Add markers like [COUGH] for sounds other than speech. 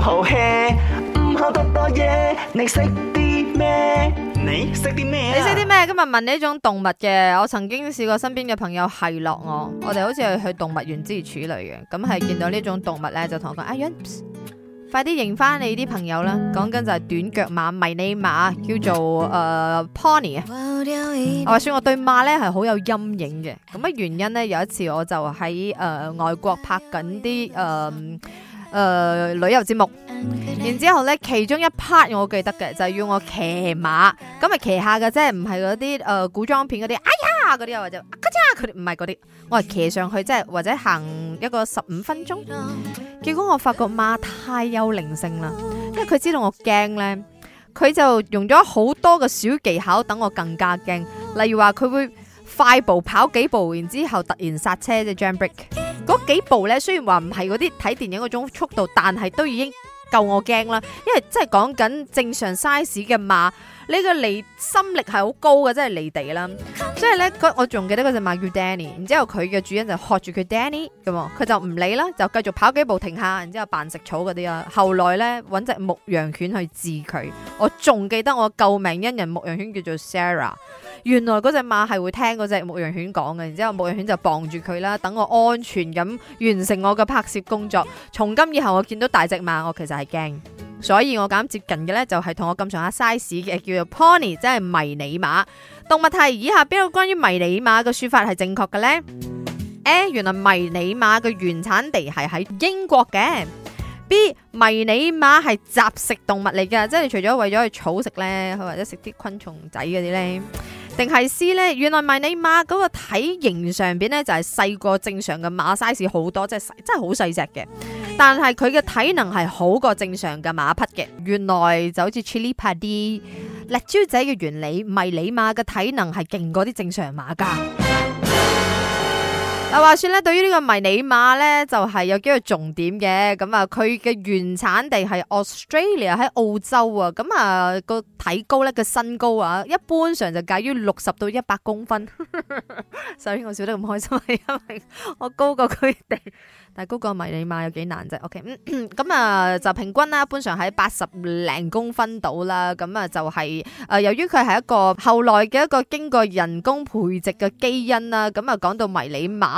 好 h 唔好得多嘢。你識啲咩？你識啲咩？你識啲咩？今日問呢種動物嘅，我曾經試過身邊嘅朋友係落我，我哋好似去去動物園之處理嘅，咁係見到呢種動物咧，就同我講：，啊，快啲認翻你啲朋友啦！講緊就係短腳馬、迷你馬，叫做誒 pony 啊。Uh, 嗯、我話算我對馬咧係好有陰影嘅。咁啊原因咧，有一次我就喺誒、uh, 外國拍緊啲誒。Uh, 誒、呃，旅遊節目，然之後咧，其中一 part 我記得嘅就係、是、要我騎馬，咁係騎下嘅，即係唔係嗰啲誒古裝片嗰啲，哎呀嗰啲啊或者啊佢嚓唔係嗰啲，我係騎上去，即係或者行一個十五分鐘，結果我發覺馬太有靈性啦，因為佢知道我驚咧，佢就用咗好多嘅小技巧等我更加驚，例如話佢會快步跑幾步，然之後突然剎車即係 jam break。嗰幾步咧，雖然話唔係嗰啲睇電影嗰種速度，但係都已經夠我驚啦。因為真係講緊正常 size 嘅馬，你個離心力係好高嘅，真係離地啦。所以咧，我仲記得嗰隻馬叫 Danny，然之後佢嘅主人就學住佢 Danny 嘅，佢就唔理啦，就繼續跑幾步停下，然之後扮食草嗰啲啦。後來咧，搵隻牧羊犬去治佢，我仲記得我救命恩人牧羊犬叫做 Sarah。原來嗰隻馬係會聽嗰隻牧羊犬講嘅，然之後牧羊犬就傍住佢啦，等我安全咁完成我嘅拍攝工作。從今以後，我見到大隻馬，我其實係驚，所以我敢接近嘅呢，就係同我咁上下 size 嘅叫做 pony，即係迷你馬。動物題以下邊個關於迷你馬嘅説法係正確嘅呢？誒，A, 原來迷你馬嘅原產地係喺英國嘅。B 迷你馬係雜食動物嚟嘅，即係除咗為咗去草食呢，佢或者食啲昆蟲仔嗰啲呢。定係 C 呢？原來迷你馬嗰個體型上邊呢，就係細過正常嘅馬 size 好多，即係真係好細隻嘅。但係佢嘅體能係好過正常嘅馬匹嘅。原來就好似 Chili Pad 啲辣椒仔嘅原理，迷你馬嘅體能係勁過啲正常馬噶。嗱，話說咧，對於呢個迷你馬咧，就係有幾個重點嘅。咁啊，佢嘅原產地係 Australia 喺澳洲啊。咁啊，個體高咧，個身高啊，一般上就介於六十到一百公分。所 [LAUGHS] 以我笑得咁開心係因為我高過佢哋，但係高過迷你馬有幾難啫。OK，咁啊就平均啦，一般上喺八十零公分度啦。咁啊就係、是、誒、呃，由於佢係一個後來嘅一個經過人工培植嘅基因啦。咁啊講到迷你馬